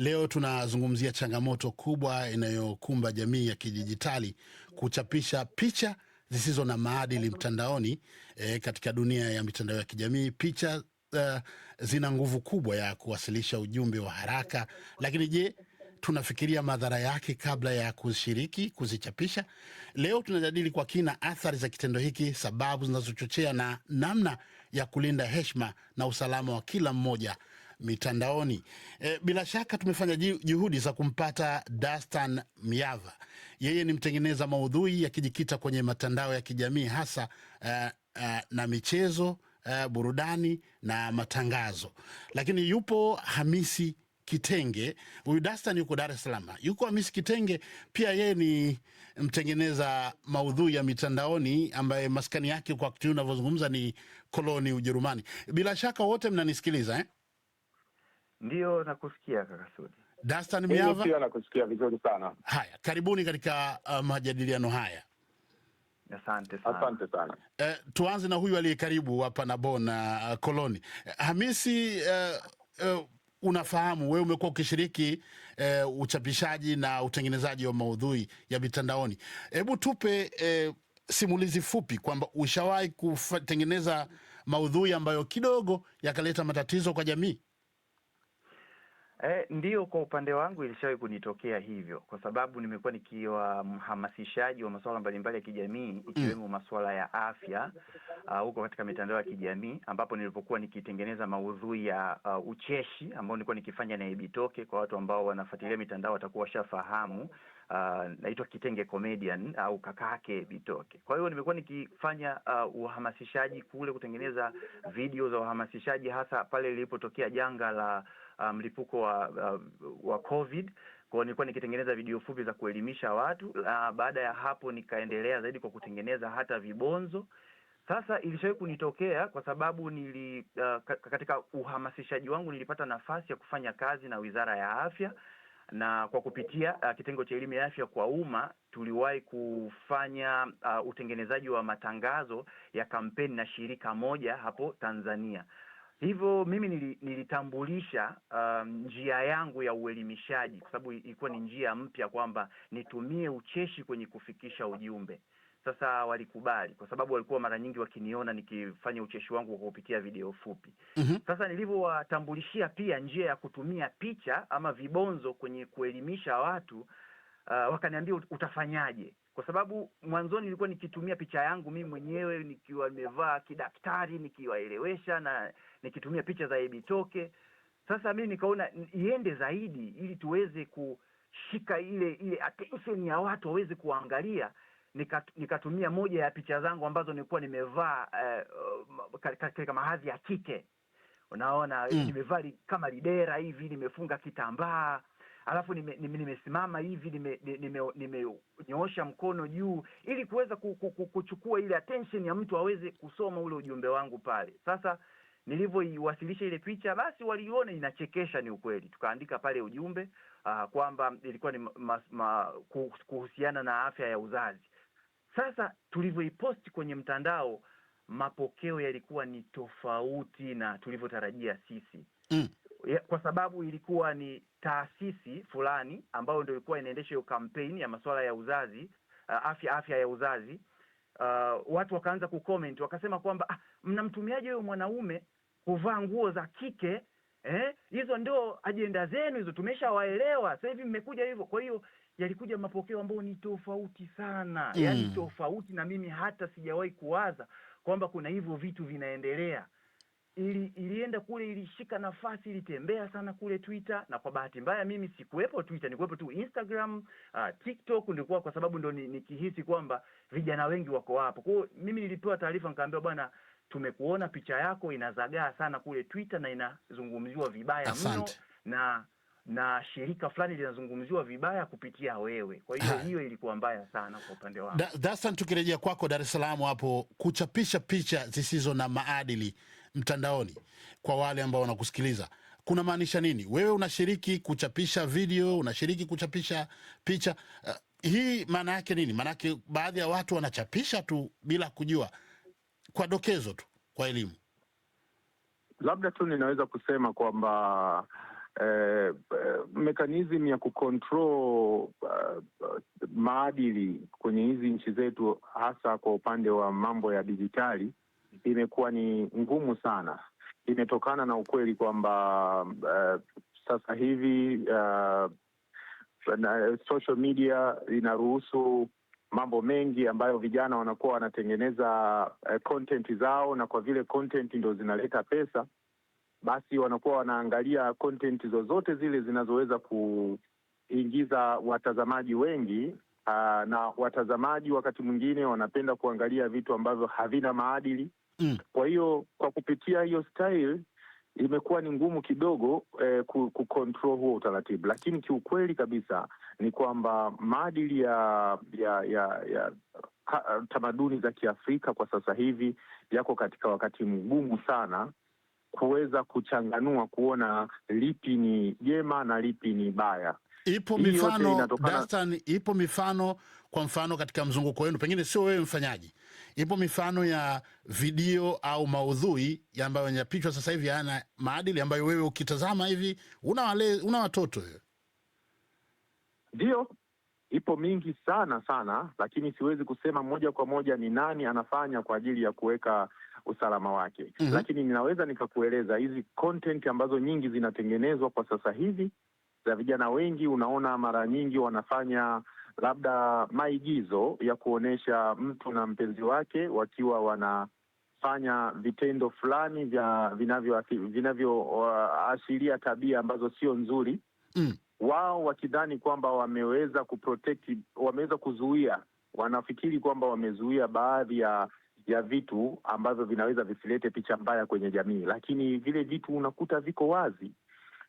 Leo tunazungumzia changamoto kubwa inayokumba jamii ya kidijitali, kuchapisha picha zisizo na maadili mtandaoni. E, katika dunia ya mitandao ya kijamii picha uh, zina nguvu kubwa ya kuwasilisha ujumbe wa haraka, lakini je, tunafikiria madhara yake kabla ya kushiriki kuzichapisha? Leo tunajadili kwa kina athari za kitendo hiki, sababu zinazochochea na namna ya kulinda heshima na usalama wa kila mmoja mitandaoni. E, bila shaka tumefanya juhudi za kumpata Dastan Myava. Yeye ni mtengeneza maudhui yakijikita kwenye mitandao ya kijamii hasa uh, uh, na michezo uh, burudani na matangazo, lakini yupo Hamisi Kitenge. Huyu Dastan yuko Dar es Salaam. Yuko Hamisi Kitenge pia, yeye ni mtengeneza maudhui ya mitandaoni ambaye maskani yake kwa wakati unavyozungumza ni Koloni, Ujerumani. Bila shaka wote mnanisikiliza eh? ndio nakusikia kaka Sudi. Dastan Miava, pia nakusikia vizuri sana. Haya, karibuni katika uh, majadiliano haya. Asante sana, asante sana. Eh, tuanze na huyu aliye karibu hapa na Bona uh, Koloni eh, Hamisi eh, eh, unafahamu wewe umekuwa ukishiriki e, uchapishaji na utengenezaji wa maudhui ya mitandaoni. Hebu tupe e, simulizi fupi kwamba ushawahi kutengeneza maudhui ambayo kidogo yakaleta matatizo kwa jamii. Eh, ndiyo, kwa upande wangu ilishawahi kunitokea hivyo, kwa sababu nimekuwa nikiwa mhamasishaji wa masuala mbalimbali ya kijamii ikiwemo mm. masuala ya afya uh, huko uh, katika mitandao ya kijamii ambapo nilipokuwa nikitengeneza maudhui ya uh, ucheshi ambao nilikuwa nikifanya na Ebitoke. Kwa watu ambao wanafuatilia mitandao watakuwa washafahamu uh, naitwa Kitenge Comedian au uh, kakake Ebitoke. Kwa hiyo nimekuwa nikifanya uh, uhamasishaji kule, kutengeneza video za uhamasishaji hasa pale lilipotokea janga la Uh, mlipuko um, wa, uh, wa COVID. kwao nilikuwa nikitengeneza video fupi za kuelimisha watu uh, baada ya hapo nikaendelea zaidi kwa kutengeneza hata vibonzo. Sasa ilishawahi kunitokea kwa sababu nili uh, katika uhamasishaji wangu nilipata nafasi ya kufanya kazi na Wizara ya Afya na kwa kupitia uh, kitengo cha elimu ya afya kwa umma tuliwahi kufanya uh, utengenezaji wa matangazo ya kampeni na shirika moja hapo Tanzania. Hivyo mimi nilitambulisha um, njia yangu ya uelimishaji kwa sababu ilikuwa ni njia mpya kwamba nitumie ucheshi kwenye kufikisha ujumbe. Sasa walikubali kwa sababu walikuwa mara nyingi wakiniona nikifanya ucheshi wangu kwa kupitia video fupi. mm -hmm. Sasa nilivyowatambulishia pia njia ya kutumia picha ama vibonzo kwenye kuelimisha watu, uh, wakaniambia utafanyaje? kwa sababu mwanzoni nilikuwa nikitumia picha yangu mimi mwenyewe nikiwa nimevaa kidaktari, nikiwaelewesha na nikitumia picha za Ebitoke. Sasa mimi nikaona iende zaidi, ili tuweze kushika ile ile attention ya watu waweze kuangalia. Nikatumia moja ya picha zangu ambazo nilikuwa nimevaa uh, katika mahadhi ya kike, unaona mm. Nimevaa kama lidera hivi, nimefunga kitambaa alafu nimesimama nime, nime hivi nimenyoosha nime, nime mkono juu ili kuweza kuchukua ile attention ya mtu aweze kusoma ule ujumbe wangu pale. Sasa nilivyoiwasilisha ile picha, basi waliona inachekesha, ni ukweli. Tukaandika pale ujumbe uh, kwamba ilikuwa ni ma, ma, kuhusiana na afya ya uzazi. Sasa tulivyoiposti kwenye mtandao, mapokeo yalikuwa ni tofauti na tulivyotarajia sisi mm. Kwa sababu ilikuwa ni taasisi fulani ambayo ndio ilikuwa inaendesha hiyo kampeni ya masuala ya uzazi uh, afya afya ya uzazi uh, watu wakaanza kucomment wakasema kwamba ah, mnamtumiaje huyo mwanaume kuvaa nguo za kike eh? Hizo ndio ajenda zenu hizo, tumeshawaelewa sasa hivi mmekuja hivyo. Kwa hiyo yalikuja mapokeo ambayo ni tofauti sana mm. Yani tofauti na mimi hata sijawahi kuwaza kwamba kuna hivyo vitu vinaendelea ili, ilienda kule, ilishika nafasi, ilitembea sana kule Twitter, na kwa bahati mbaya mimi sikuwepo Twitter, nikuwepo tu Instagram, uh, TikTok nilikuwa kwa sababu ndo nikihisi ni kwamba vijana wengi wako hapo. Kwa mimi nilipewa taarifa nikaambiwa, bwana tumekuona picha yako inazagaa sana kule Twitter na inazungumziwa vibaya mno na na shirika fulani linazungumziwa vibaya kupitia wewe. Kwa hiyo hiyo ilikuwa mbaya sana kwa upande wangu. Dasan, tukirejea kwako Dar es Salaam hapo, kuchapisha picha zisizo na maadili mtandaoni kwa wale ambao wanakusikiliza kuna maanisha nini? Wewe unashiriki kuchapisha video, unashiriki kuchapisha picha. Uh, hii maana yake nini? Maanake baadhi ya watu wanachapisha tu bila kujua, kwa dokezo tu, kwa elimu. Labda tu ninaweza kusema kwamba eh, eh mekanism ya kucontrol uh, maadili kwenye hizi nchi zetu, hasa kwa upande wa mambo ya dijitali imekuwa ni ngumu sana. Imetokana na ukweli kwamba uh, sasa hivi uh, na social media inaruhusu mambo mengi ambayo vijana wanakuwa wanatengeneza uh, content zao, na kwa vile content ndo zinaleta pesa, basi wanakuwa wanaangalia content zozote zile zinazoweza kuingiza watazamaji wengi aa, ah, na watazamaji wakati mwingine wanapenda kuangalia vitu ambavyo havina maadili mm. Kwa hiyo kwa kupitia hiyo style imekuwa ni ngumu kidogo eh, kucontrol huo utaratibu, lakini kiukweli kabisa ni kwamba maadili ya ya ya, ya ha, tamaduni za Kiafrika kwa sasa hivi yako katika wakati mgumu sana kuweza kuchanganua kuona lipi ni jema na lipi ni baya. Ipo mifano Dastan, ipo mifano kwa mfano katika mzunguko wenu, pengine sio wewe mfanyaji, ipo mifano ya video au maudhui ambayo yanapichwa sasa hivi hayana maadili ambayo wewe ukitazama hivi una wale, una watoto? Ndio, ipo mingi sana sana, lakini siwezi kusema moja kwa moja ni nani anafanya kwa ajili ya kuweka usalama wake. mm -hmm. Lakini ninaweza nikakueleza hizi content ambazo nyingi zinatengenezwa kwa sasa hivi ya vijana wengi unaona mara nyingi wanafanya labda maigizo ya kuonyesha mtu na mpenzi wake wakiwa wanafanya vitendo fulani vya vinavyoashiria uh, tabia ambazo sio nzuri mm. Wao wakidhani kwamba wameweza kuprotect, wameweza kuzuia, wanafikiri kwamba wamezuia baadhi ya ya vitu ambavyo vinaweza visilete picha mbaya kwenye jamii, lakini vile vitu unakuta viko wazi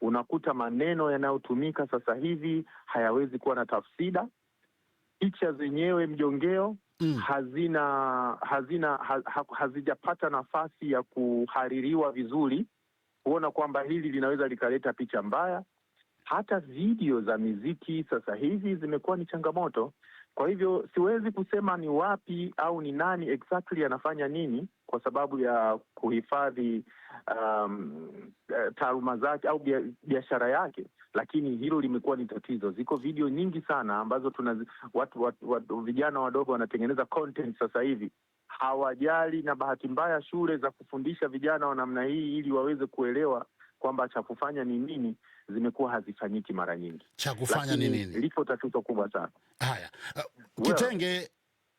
unakuta maneno yanayotumika sasa hivi hayawezi kuwa na tafsida, picha zenyewe mjongeo Mm. hazina hazina ha, ha, hazijapata nafasi ya kuhaririwa vizuri, kuona kwamba hili linaweza likaleta picha mbaya. Hata video za miziki sasa hivi zimekuwa ni changamoto. Kwa hivyo siwezi kusema ni wapi au ni nani exactly anafanya nini kwa sababu ya kuhifadhi um, eh, taaluma zake au biashara yake, lakini hilo limekuwa ni tatizo. Ziko video nyingi sana ambazo tuna watu, watu, watu, vijana wadogo wanatengeneza content sasa hivi hawajali, na bahati mbaya shule za kufundisha vijana wa namna hii ili waweze kuelewa kwamba cha kufanya ni nini zimekuwa hazifanyiki mara nyingi. Cha kufanya ni nini? Lipo tatizo kubwa sana. Haya, uh, Kitenge,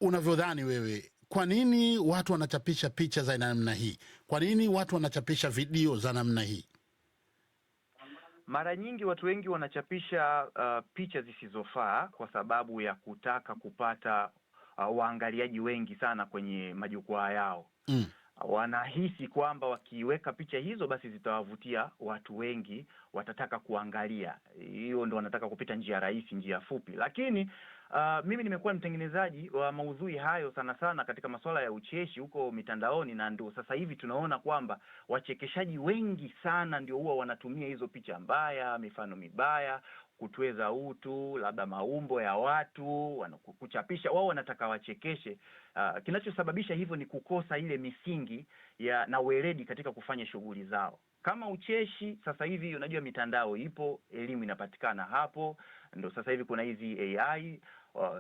unavyodhani wewe, kwa nini watu wanachapisha picha za namna hii? Kwa nini watu wanachapisha video za namna hii? Mara nyingi watu wengi wanachapisha uh, picha zisizofaa kwa sababu ya kutaka kupata uh, waangaliaji wengi sana kwenye majukwaa yao mm wanahisi kwamba wakiweka picha hizo basi zitawavutia watu wengi, watataka kuangalia. Hiyo ndo wanataka kupita njia rahisi, njia fupi. Lakini uh, mimi nimekuwa mtengenezaji wa maudhui hayo sana sana katika masuala ya ucheshi huko mitandaoni, na ndo sasa hivi tunaona kwamba wachekeshaji wengi sana ndio huwa wanatumia hizo picha mbaya, mifano mibaya, kutweza utu, labda maumbo ya watu, kuchapisha. Wao wanataka wachekeshe. Uh, kinachosababisha hivyo ni kukosa ile misingi ya na weledi katika kufanya shughuli zao kama ucheshi. Sasa hivi unajua mitandao ipo, elimu inapatikana hapo, ndo sasa hivi kuna hizi AI Uh,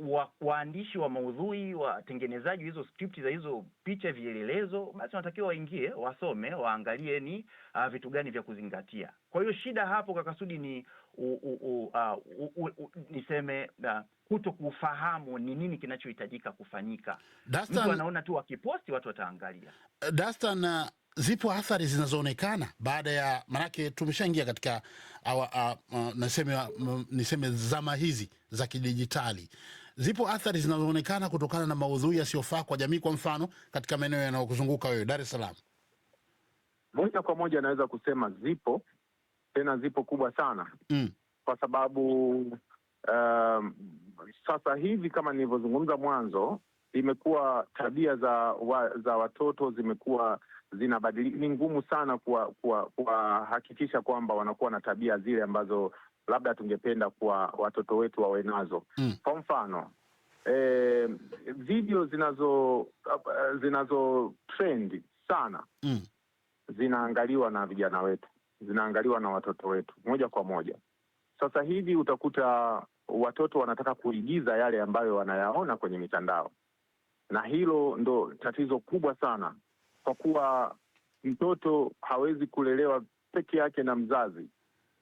wa, waandishi wa maudhui watengenezaji hizo script za hizo picha vielelezo, basi wanatakiwa waingie wasome, waangalie ni uh, vitu gani vya kuzingatia. Kwa hiyo shida hapo kwa Kasudi ni u, u, u, uh, u, u, niseme uh, kuto kufahamu ni nini kinachohitajika kufanyika. Mtu anaona tu wakiposti watu wataangalia. Dastan uh, zipo athari zinazoonekana baada ya manake, tumeshaingia katika awa, uh, uh, naseme, uh, niseme zama hizi za kidijitali. Zipo athari zinazoonekana kutokana na maudhui yasiyofaa kwa jamii, kwa mfano katika maeneo yanayokuzunguka wewe, Dar es Salaam. Moja kwa moja anaweza kusema zipo, tena zipo kubwa sana mm. kwa sababu um, sasa hivi kama nilivyozungumza mwanzo, imekuwa tabia za, wa, za watoto zimekuwa zinabadilika, ni ngumu sana kuwahakikisha kwamba wanakuwa na tabia zile ambazo labda tungependa kuwa watoto wetu wawe nazo mm. Kwa mfano eh, video zinazo zinazo trend sana mm. zinaangaliwa na vijana wetu, zinaangaliwa na watoto wetu moja kwa moja. Sasa hivi utakuta watoto wanataka kuigiza yale ambayo wanayaona kwenye mitandao, na hilo ndo tatizo kubwa sana kwa kuwa mtoto hawezi kulelewa peke yake na mzazi.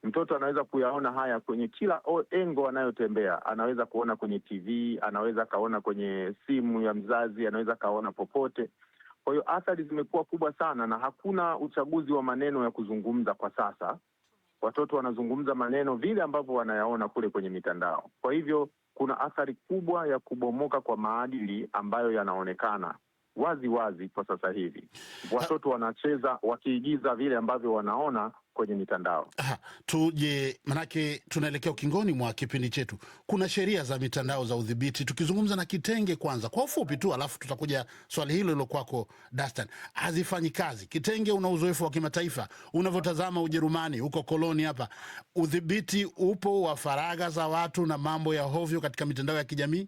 Mtoto anaweza kuyaona haya kwenye kila engo anayotembea, anaweza kuona kwenye TV, anaweza akaona kwenye simu ya mzazi, anaweza akaona popote. Kwa hiyo athari zimekuwa kubwa sana, na hakuna uchaguzi wa maneno ya kuzungumza kwa sasa. Watoto wanazungumza maneno vile ambavyo wanayaona kule kwenye mitandao. Kwa hivyo kuna athari kubwa ya kubomoka kwa maadili ambayo yanaonekana wazi wazi kwa sasa hivi. Watoto wanacheza wakiigiza vile ambavyo wanaona kwenye mitandao. Aha, tuje manake tunaelekea ukingoni mwa kipindi chetu. Kuna sheria za mitandao za udhibiti, tukizungumza na Kitenge kwanza kwa ufupi tu, alafu tutakuja swali hilo hilo kwako Dastan. Hazifanyi kazi. Kitenge, una uzoefu wa kimataifa, unavyotazama Ujerumani huko koloni hapa, udhibiti upo wa faragha za watu na mambo ya hovyo katika mitandao ya kijamii?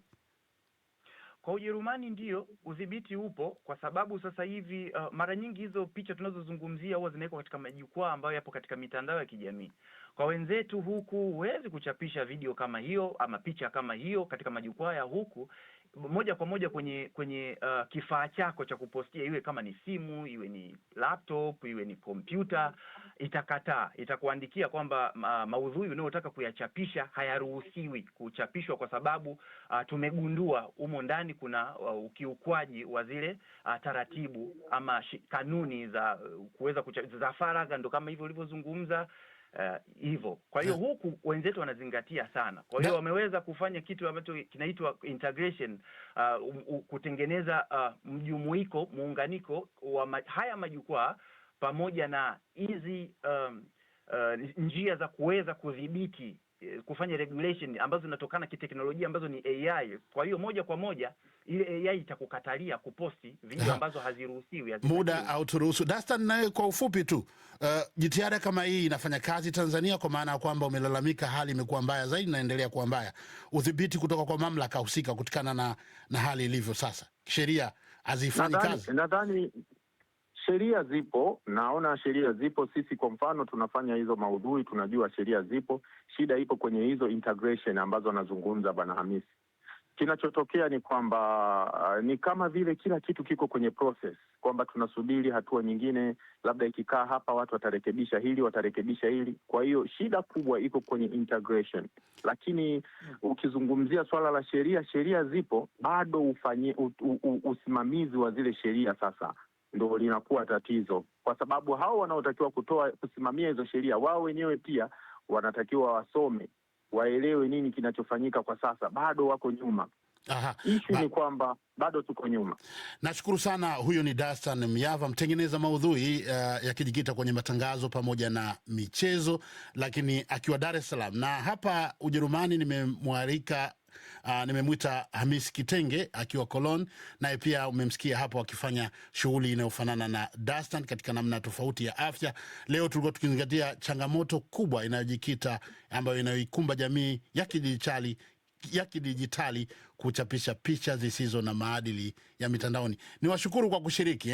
Kwa Ujerumani ndio udhibiti upo, kwa sababu sasa hivi uh, mara nyingi hizo picha tunazozungumzia huwa zinawekwa katika majukwaa ambayo yapo katika mitandao ya kijamii. Kwa wenzetu huku huwezi kuchapisha video kama hiyo ama picha kama hiyo katika majukwaa ya huku, moja kwa moja kwenye kwenye uh, kifaa chako cha kupostia, iwe kama ni simu, iwe ni laptop, iwe ni kompyuta, itakataa, itakuandikia kwamba uh, maudhui unayotaka kuyachapisha hayaruhusiwi kuchapishwa kwa sababu uh, tumegundua humo ndani kuna uh, ukiukwaji wa zile uh, taratibu ama kanuni za uh, kuweza kucha, za faragha, ndo kama hivyo ulivyozungumza hivyo eh, kwa hiyo eh. huku wenzetu wanazingatia sana, kwa hiyo wameweza kufanya kitu ambacho kinaitwa integration uh, u, u, kutengeneza uh, mjumuiko muunganiko wa ma, haya majukwaa pamoja na hizi um, uh, njia za kuweza kudhibiti eh, kufanya regulation ambazo zinatokana kiteknolojia ambazo ni AI. Kwa hiyo moja kwa moja ile AI itakukatalia kuposti video ambazo haziruhusiwi. Muda au turuhusu Dastan, nawe kwa ufupi tu, uh, jitihada kama hii inafanya kazi Tanzania, kwa maana ya kwamba umelalamika hali imekuwa mbaya zaidi, naendelea kuwa mbaya. Udhibiti kutoka kwa mamlaka husika kutokana na, na hali ilivyo sasa, sheria hazifanyi kazi. Nadhani sheria zipo, naona sheria zipo. Sisi kwa mfano tunafanya hizo maudhui, tunajua sheria zipo, shida ipo kwenye hizo integration ambazo anazungumza Bwana Hamisi kinachotokea ni kwamba uh, ni kama vile kila kitu kiko kwenye process, kwamba tunasubiri hatua nyingine, labda ikikaa hapa watu watarekebisha hili, watarekebisha hili. Kwa hiyo shida kubwa iko kwenye integration, lakini ukizungumzia swala la sheria, sheria zipo bado, ufanye usimamizi wa zile sheria sasa ndo linakuwa tatizo, kwa sababu hao wanaotakiwa kutoa kusimamia hizo sheria wao wenyewe pia wanatakiwa wasome waelewe nini kinachofanyika kwa sasa, bado wako nyuma. Ishu ni kwamba bado tuko nyuma. Nashukuru sana. Huyo ni Dastan myava mtengeneza maudhui uh, eh, yakijikita kwenye matangazo pamoja na michezo, lakini akiwa Dar es Salaam na hapa Ujerumani. Nimemwalika Uh, nimemwita Hamis Kitenge akiwa colon naye pia umemsikia hapo akifanya shughuli inayofanana na Dastan katika namna tofauti ya afya. Leo tulikuwa tukizingatia changamoto kubwa inayojikita ambayo inayoikumba jamii ya kidijitali ya kidijitali kuchapisha picha zisizo na maadili ya mitandaoni. Niwashukuru kwa kushiriki eh?